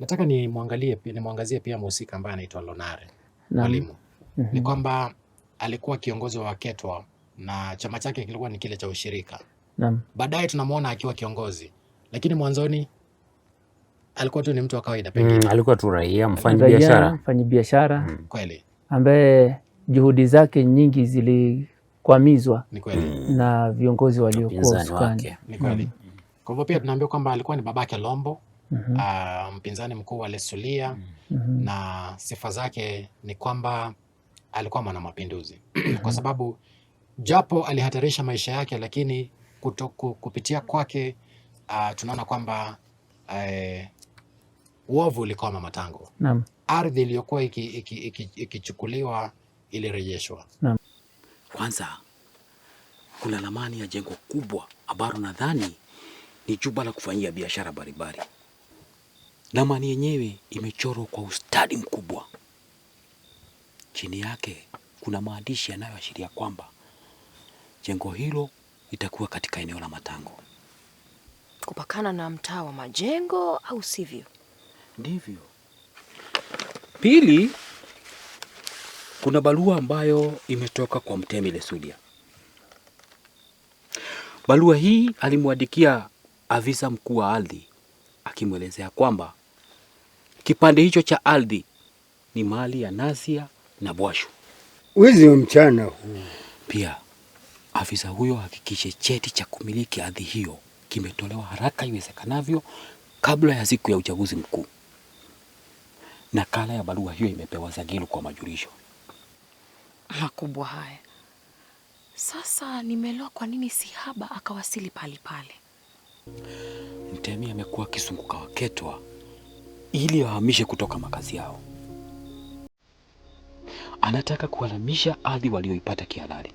Nataka ni nimwangazie pia mhusika ambaye anaitwa Lonare mwalimu. mm -hmm. Ni kwamba alikuwa kiongozi wa Waketwa na chama chake kilikuwa ni kile cha ushirika. Naam. Baadaye tunamwona akiwa kiongozi, lakini mwanzoni alikuwa tu ni mtu wa kawaida pengine. Mm, alikuwa tu raia mfanyabiashara, mfanyabiashara mm. Kweli, ambaye juhudi zake nyingi zilikwamizwa mm. na viongozi waliokuwa usukani. Ni kweli. Mm. Kwa hivyo pia tunaambiwa kwamba alikuwa ni babake Lombo mm -hmm. uh, mpinzani mkuu wa Lesulia mm -hmm. na sifa zake ni kwamba alikuwa mwana mapinduzi mm-hmm. kwa sababu japo alihatarisha maisha yake, lakini kutoku, kupitia kwake uh, tunaona kwamba uh, uovu ulikuwa mama Ardhi iliyokuwa ikichukuliwa iki, iki, iki ilirejeshwa. Kwanza kuna lamani ya jengo kubwa ambalo nadhani ni jumba la kufanyia biashara baribari Ramani yenyewe imechorwa kwa ustadi mkubwa. Chini yake kuna maandishi yanayoashiria kwamba jengo hilo litakuwa katika eneo la Matango, kupakana na mtaa wa Majengo, au sivyo? Ndivyo. Pili, kuna barua ambayo imetoka kwa Mtemi Lesulia. Barua hii alimwandikia afisa mkuu wa ardhi akimwelezea kwamba Kipande hicho cha ardhi ni mali ya Nasia na Bwashu. Wizi wa mchana huu. Pia afisa huyo hakikishe cheti cha kumiliki ardhi hiyo kimetolewa haraka iwezekanavyo kabla ya siku ya uchaguzi mkuu. Nakala ya barua hiyo imepewa Zagilu kwa majurisho. Makubwa haya. Sasa nimeelewa kwa nini Sihaba akawasili pale pale. Mtemi amekuwa akizunguka waketwa ili wahamishe kutoka makazi yao. Anataka kuhamisha ardhi walioipata kihalali.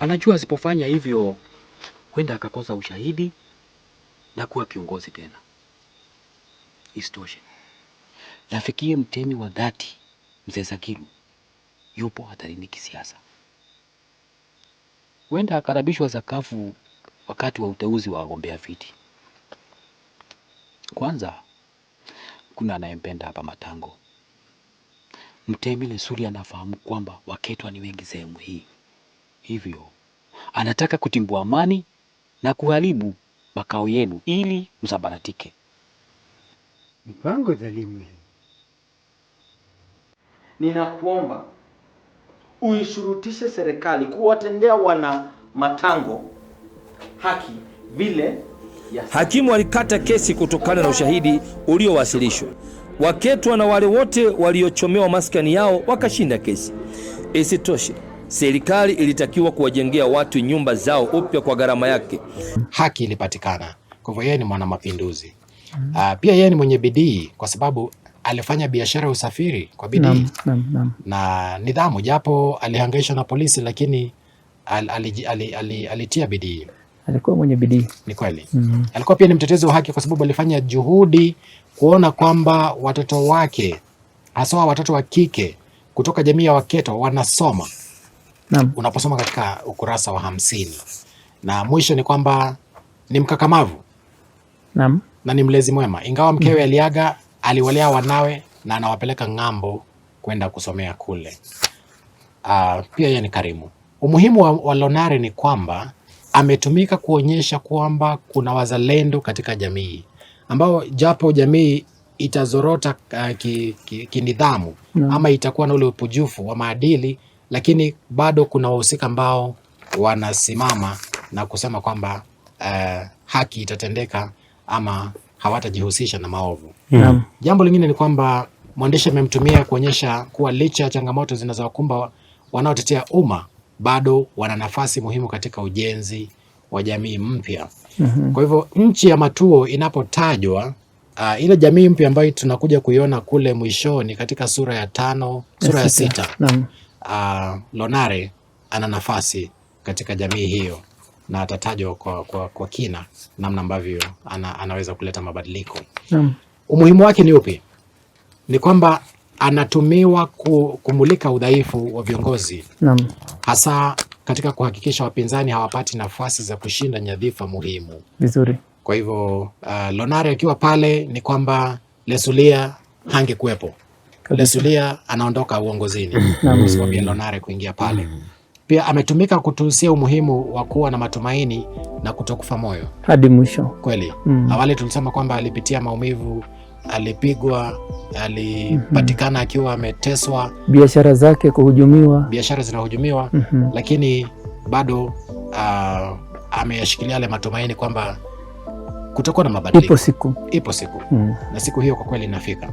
Anajua asipofanya hivyo kwenda akakosa ushahidi na kuwa kiongozi tena. Isitoshe, nafikie mtemi wa dhati mzee Zakiru yupo hatarini kisiasa, huenda akarabishwa sakafu wakati wa uteuzi wa wagombea viti. Kwanza anayempenda hapa Matango. Mtemi Lesuri anafahamu kwamba Waketwa ni wengi sehemu hii, hivyo anataka kutimbua amani na kuharibu makao yenu ili msabaratike. Mpango dhalimu ninakuomba uishurutishe serikali kuwatendea wana Matango haki vile Hakimu alikata kesi kutokana na ushahidi uliowasilishwa. Waketwa na wale wote waliochomewa maskani yao wakashinda kesi. Isitoshe, serikali ilitakiwa kuwajengea watu nyumba zao upya kwa gharama yake. Haki ilipatikana. Kwa hivyo yeye ni mwanamapinduzi. Uh, pia yeye ni mwenye bidii kwa sababu alifanya biashara ya usafiri kwa bidii na nidhamu, japo alihangaishwa na polisi, lakini al, al, al, al, al, alitia bidii alikuwa mwenye bidii. Ni kweli mm. Alikuwa pia ni mtetezi wa haki, kwa sababu alifanya juhudi kuona kwamba watoto wake haswa watoto wa kike kutoka jamii ya Waketo wanasoma. Naam. Unaposoma katika ukurasa wa hamsini na mwisho ni kwamba ni mkakamavu Naam. na ni mlezi mwema, ingawa mkewe mm. aliaga, aliwalea wanawe na anawapeleka ng'ambo kwenda kusomea kule. Uh, pia yeye ni karimu. Umuhimu wa, wa Lonare ni kwamba ametumika kuonyesha kwamba kuna wazalendo katika jamii ambao japo jamii itazorota uh, eh, kinidhamu ki, ki yeah. ama itakuwa na ule upujufu wa maadili, lakini bado kuna wahusika ambao wanasimama na kusema kwamba uh, haki itatendeka ama hawatajihusisha na maovu yeah. Mm. Jambo lingine ni kwamba mwandishi amemtumia kuonyesha kuwa licha ya changamoto zinazowakumba wanaotetea umma bado wana nafasi muhimu katika ujenzi wa jamii mpya. Mm-hmm. Kwa hivyo nchi ya Matuo inapotajwa Uh, ile jamii mpya ambayo tunakuja kuiona kule mwishoni katika sura ya tano sura ya sita uh, Lonare ana nafasi katika jamii hiyo na atatajwa kwa, kwa, kwa kina namna ambavyo ana, anaweza kuleta mabadiliko. Naam. Umuhimu wake ni upi? Ni kwamba anatumiwa kumulika udhaifu wa viongozi naam, hasa katika kuhakikisha wapinzani hawapati nafasi za kushinda nyadhifa muhimu. Vizuri. Kwa hivyo uh, Lonare akiwa pale ni kwamba Lesulia hangekuwepo. Lesulia anaondoka uongozini sababu Lonare kuingia pale. Pia ametumika kutuhusia umuhimu wa kuwa na matumaini na kutokufa moyo hadi mwisho. Kweli mm. Awali tulisema kwamba alipitia maumivu alipigwa, alipatikana mm -hmm. akiwa ameteswa, biashara zake kuhujumiwa, biashara zinahujumiwa mm -hmm. lakini bado uh, ameyashikilia yale matumaini kwamba kutakuwa na mabadiliko, ipo siku, ipo siku mm. na siku hiyo kwa kweli inafika.